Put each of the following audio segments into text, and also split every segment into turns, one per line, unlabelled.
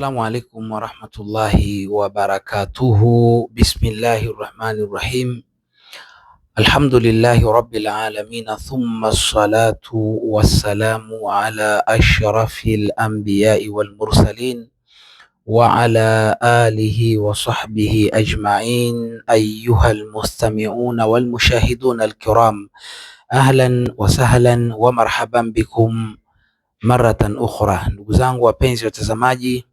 السلام عليكم ورحمة الله وبركاته بسم الله الرحمن الرحيم الحمد لله رب العالمين ثم الصلاة والسلام على أشرف الأنبياء والمرسلين وعلى آله وصحبه أجمعين أيها المستمعون والمشاهدون الكرام أهلا وسهلا ومرحبا بكم مرة أخرى نقول zangu wapenzi watazamaji,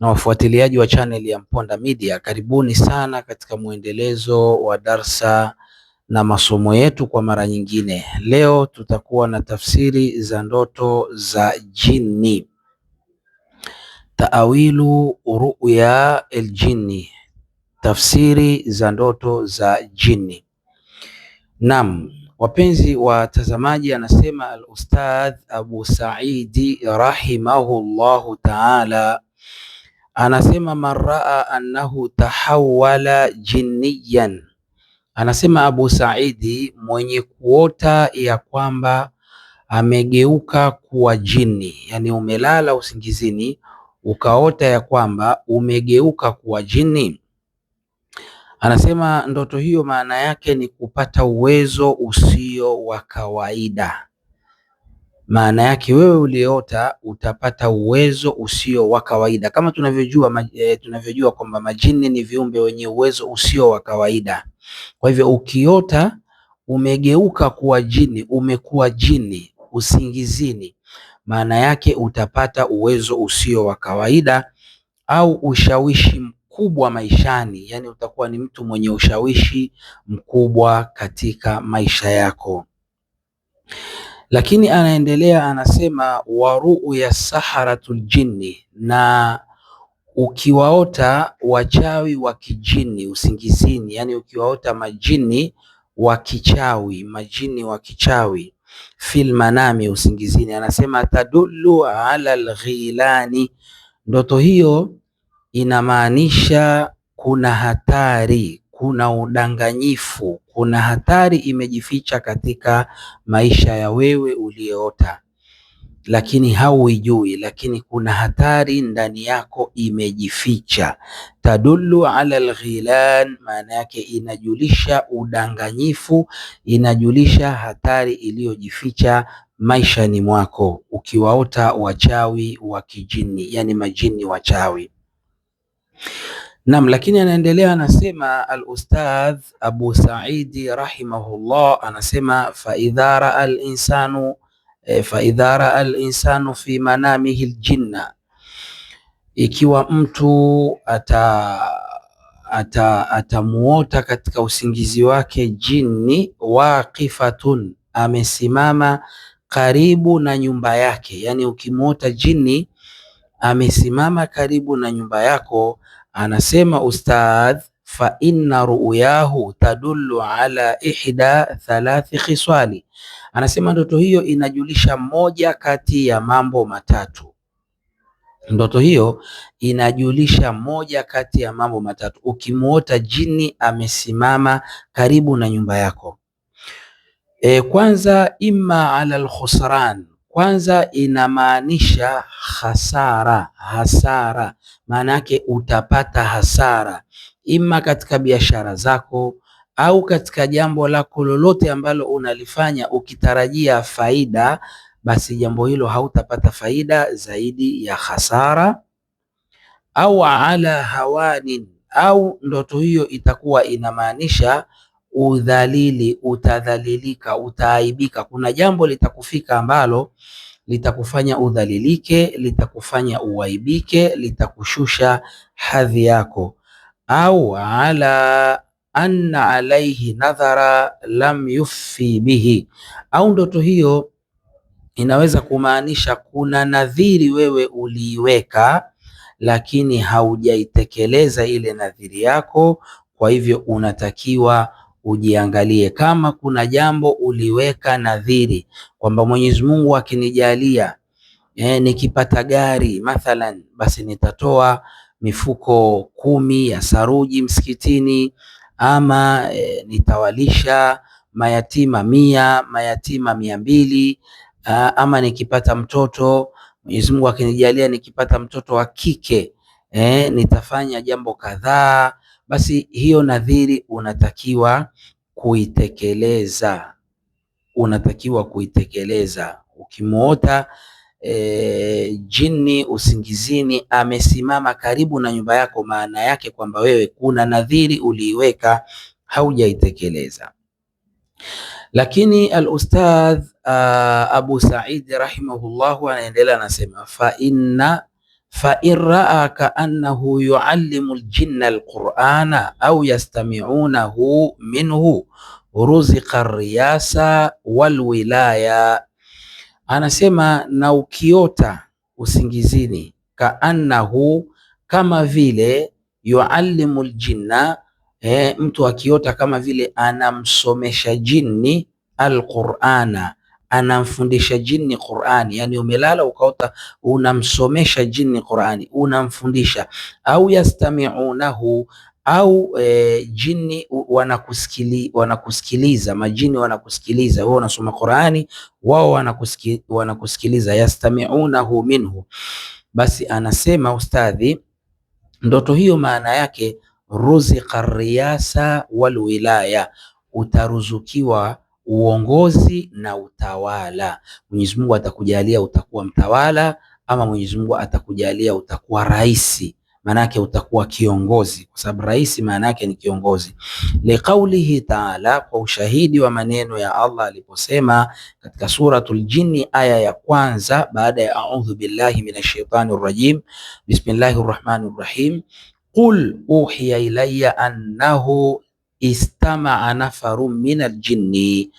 na wafuatiliaji wa channel ya Mponda Media, karibuni sana katika mwendelezo wa darsa na masomo yetu. Kwa mara nyingine, leo tutakuwa na tafsiri za ndoto za jini, taawilu ruya aljini, tafsiri za ndoto za jini. Naam, wapenzi watazamaji, anasema al-Ustadh Abu Saidi rahimahullahu taala anasema maraa annahu tahawala jinniyan, anasema Abu Saidi, mwenye kuota ya kwamba amegeuka kuwa jini, yani umelala usingizini ukaota ya kwamba umegeuka kuwa jini. Anasema ndoto hiyo maana yake ni kupata uwezo usio wa kawaida maana yake wewe uliota utapata uwezo usio wa kawaida. Kama tunavyojua eh, tunavyojua kwamba majini ni viumbe wenye uwezo usio wa kawaida. Kwa hivyo ukiota umegeuka kuwa jini, umekuwa jini usingizini, maana yake utapata uwezo usio wa kawaida au ushawishi mkubwa maishani, yani utakuwa ni mtu mwenye ushawishi mkubwa katika maisha yako. Lakini anaendelea anasema, waruya saharatul jinni, na ukiwaota wachawi wa kijini usingizini, yani ukiwaota majini wa kichawi, majini wa kichawi fil manami, usingizini. Anasema tadullu ala alghilani, ndoto hiyo inamaanisha kuna hatari kuna udanganyifu, kuna hatari imejificha katika maisha ya wewe uliyeota, lakini hauijui, lakini kuna hatari ndani yako imejificha. Tadullu ala alghilan, maana yake inajulisha udanganyifu, inajulisha hatari iliyojificha maishani mwako, ukiwaota wachawi wa kijini, yani majini wachawi. Naam, lakini anaendelea anasema, al-ustadh Abu Saidi rahimahullah anasema faidha raa al-insanu e, faidha raa al-insanu fi manamihi al-jinna, ikiwa mtu atamuota ata, atamuota katika usingizi wake jini, waqifatun, amesimama karibu na nyumba yake, yani ukimuota jini amesimama karibu na nyumba yako Anasema ustadh, fa inna ru'yahu tadullu ala ihda thalathi khiswali, anasema ndoto hiyo inajulisha moja kati ya mambo matatu. Ndoto hiyo inajulisha moja kati ya mambo matatu. Ukimuota jini amesimama karibu na nyumba yako, e, kwanza, imma ala alkhusran kwanza inamaanisha hasara, hasara maana yake utapata hasara, ima katika biashara zako au katika jambo lako lolote ambalo unalifanya ukitarajia faida, basi jambo hilo hautapata faida zaidi ya hasara. Au ala hawanin, au ndoto hiyo itakuwa inamaanisha udhalili, utadhalilika, utaaibika. Kuna jambo litakufika ambalo litakufanya udhalilike, litakufanya uaibike, litakushusha hadhi yako. Au ala anna alaihi nadhara lam yufi bihi, au ndoto hiyo inaweza kumaanisha kuna nadhiri wewe uliiweka, lakini haujaitekeleza ile nadhiri yako, kwa hivyo unatakiwa ujiangalie kama kuna jambo uliweka nadhiri kwamba Mwenyezi Mungu akinijalia eh, nikipata gari mathalan, basi nitatoa mifuko kumi ya saruji msikitini ama eh, nitawalisha mayatima mia mayatima mia mbili ah, ama nikipata mtoto Mwenyezi Mungu akinijalia nikipata mtoto wa kike eh, nitafanya jambo kadhaa basi hiyo nadhiri unatakiwa kuitekeleza, unatakiwa kuitekeleza. ukimuota e, eh, jini usingizini amesimama karibu na nyumba yako, maana yake kwamba wewe kuna nadhiri uliiweka haujaitekeleza. Lakini al-ustadh ah, Abu Said rahimahullahu anaendelea anasema, fa inna fa in ka kaannahu yuallimu ljinna alqurana au yastamiunahu minhu ruziqa riyasa walwilaya. Anasema na ukiota usingizini, kaannahu, kama vile yuallimu ljinna eh, mtu akiota kama vile anamsomesha jini alqurana anamfundisha jini Qur'ani, yani umelala ukaota unamsomesha jini Qur'ani, unamfundisha au yastami'unahu au e, jini wanakusikili, wanakusikiliza majini wanakusikiliza wewe unasoma Qur'ani, wao wanakusiki, wanakusikiliza yastami'unahu minhu. Basi anasema ustadhi, ndoto hiyo maana yake ruziqa riyasa walwilaya, utaruzukiwa uongozi na utawala. Mwenyezi Mungu atakujalia utakuwa mtawala, ama Mwenyezi Mungu atakujalia utakuwa rais, maanake utakuwa kiongozi, kwa sababu rais maana yake ni kiongozi. Liqaulihi taala, kwa ushahidi wa maneno ya Allah aliposema katika Suratul Jinni aya ya kwanza baada ya audhu billahi minash shaitani rajim, bismillahir rahmanir rahim, qul uhiya ilayya annahu istamaa nafaru min aljinni,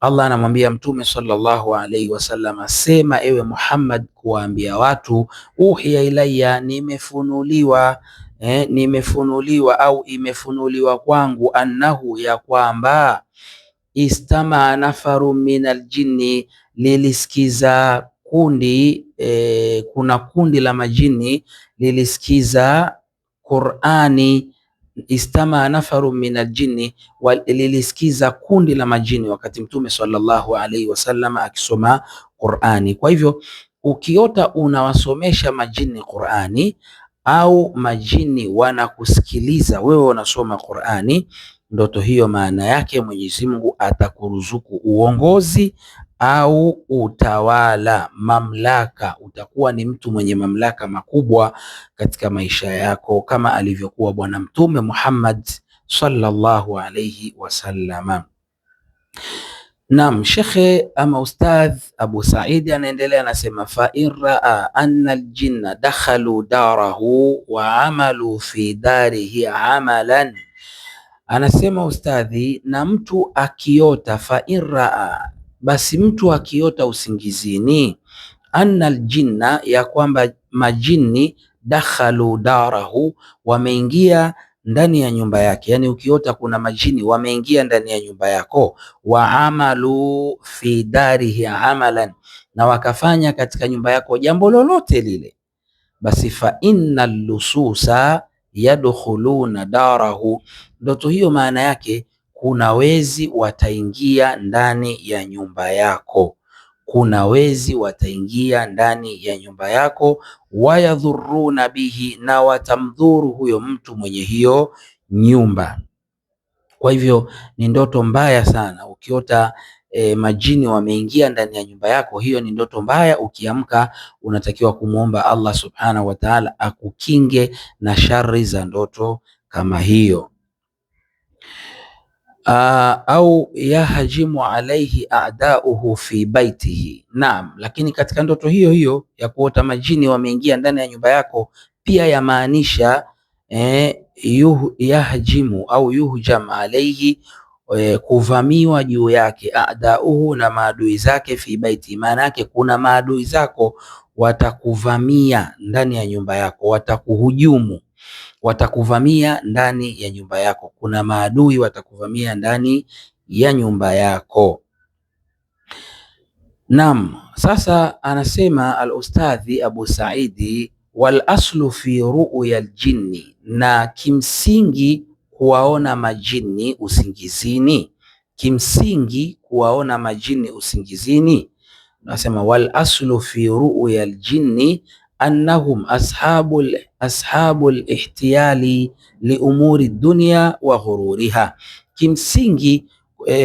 Allah anamwambia Mtume sallallahu alaihi wasallam, sema ewe Muhammad, kuwaambia watu uhiya ilaya, nimefunuliwa eh, nimefunuliwa au imefunuliwa kwangu, annahu, ya kwamba istamaa nafaru min aljinni, lilisikiza kundi eh, kuna kundi la majini lilisikiza Qur'ani istamaa nafaru min aljinni, lilisikiza kundi la majini wakati Mtume sallallahu alaihi wasallam akisoma Qur'ani. Kwa hivyo ukiota unawasomesha majini Qur'ani au majini wanakusikiliza wewe unasoma Qur'ani, ndoto hiyo maana yake Mwenyezi Mungu atakuruzuku uongozi au utawala, mamlaka. Utakuwa ni mtu mwenye mamlaka makubwa katika maisha yako, kama alivyokuwa Bwana Mtume Muhammad sallallahu alayhi wasallam. Naam, shekhe ama ustadh Abu Saidi anaendelea anasema, fa inraa raa anna aljinna dakhalu darahu wa amalu fi darihi amalan. Anasema ustadhi, na mtu akiota fa inraa basi mtu akiota usingizini, anna aljinna, ya kwamba majini dakhalu darahu, wameingia ndani ya nyumba yake. Yani ukiota kuna majini wameingia ndani ya nyumba yako, wa amalu fi darihi amalan, na wakafanya katika nyumba yako jambo lolote lile, basi fa inna lususa yadkhuluna darahu. Ndoto hiyo maana yake kuna wezi wataingia ndani ya nyumba yako, kuna wezi wataingia ndani ya nyumba yako, wayadhuruna bihi, na watamdhuru huyo mtu mwenye hiyo nyumba. Kwa hivyo ni ndoto mbaya sana ukiota E, majini wameingia ndani ya nyumba yako, hiyo ni ndoto mbaya. Ukiamka unatakiwa kumwomba Allah subhanahu wa ta'ala akukinge na shari za ndoto kama hiyo. Ah, au yahjimu alaihi adauhu fi baitihi. Naam, lakini katika ndoto hiyo hiyo ya kuota majini wameingia ndani ya nyumba yako pia yamaanisha eh, yuh, yahjimu au yuhjam alaihi eh, kuvamiwa juu yake adauhu, na maadui zake fi baiti, maana yake kuna maadui zako watakuvamia ndani ya nyumba yako, watakuhujumu watakuvamia ndani ya nyumba yako, kuna maadui watakuvamia ndani ya nyumba yako. Naam, sasa anasema al-Ustadhi Abu Saidi, wal aslu fi ru'ya al-jinni, na kimsingi kuwaona majini usingizini, kimsingi kuwaona majini usingizini, Nasema wal aslu fi ru'ya al-jinni annahum ashabul, ashabul ihtiyali liumuri dunya wa ghururiha. Kimsingi e,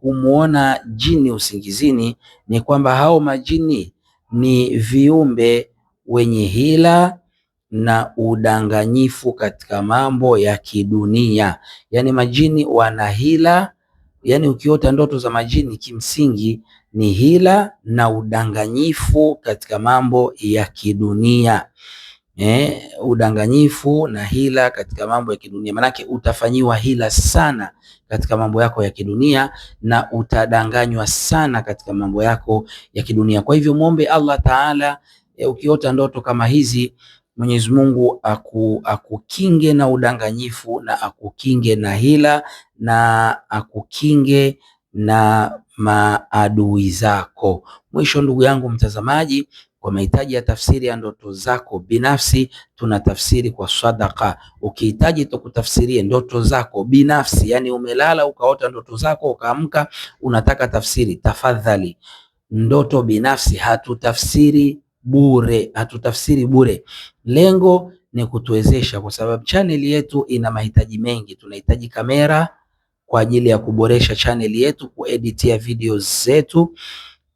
kumwona jini usingizini ni kwamba hao majini ni viumbe wenye hila na udanganyifu katika mambo ya kidunia. Yani majini wana hila, yani ukiota ndoto za majini kimsingi ni hila na udanganyifu katika mambo ya kidunia. Eh, udanganyifu na hila katika mambo ya kidunia, manake utafanyiwa hila sana katika mambo yako ya kidunia na utadanganywa sana katika mambo yako ya kidunia. Kwa hivyo muombe Allah Taala, eh, ukiota ndoto kama hizi Mwenyezi Mungu aku, akukinge na udanganyifu na akukinge na hila na akukinge na maadui zako. Mwisho ndugu yangu mtazamaji, kwa mahitaji ya tafsiri ya ndoto zako binafsi, tuna tafsiri kwa sadaka. Ukihitaji tukutafsirie ndoto zako binafsi, yani umelala ukaota ndoto zako ukaamka, unataka tafsiri, tafadhali. Ndoto binafsi hatutafsiri bure, hatutafsiri bure. Lengo ni kutuwezesha, kwa sababu chaneli yetu ina mahitaji mengi. Tunahitaji kamera kwa ajili ya kuboresha channel yetu, kueditia video zetu.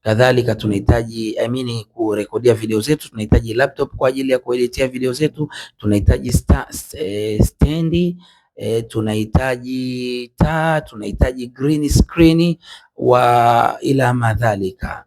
Kadhalika tunahitaji I mean kurekodia video zetu, tunahitaji laptop kwa ajili ya kueditia video zetu, tunahitaji eh, stendi E, tunahitaji taa, tunahitaji green screen wa ila madhalika.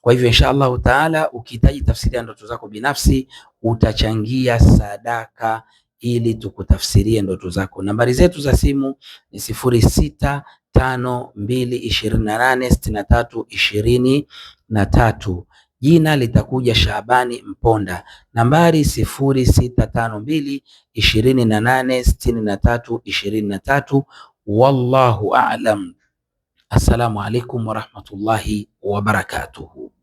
Kwa hivyo insha Allahu taala, ukihitaji tafsiri ya ndoto zako binafsi utachangia sadaka ili tukutafsirie ndoto zako. Nambari zetu za simu ni sifuri sita tano mbili ishirini na nane sitini na tatu ishirini na tatu. Jina litakuja Shabani Mponda. Nambari sifuri sita tano mbili ishirini na nane sitini na tatu ishirini na tatu. Wallahu a'lam. Assalamu alaikum warahmatullahi wabarakatuhu.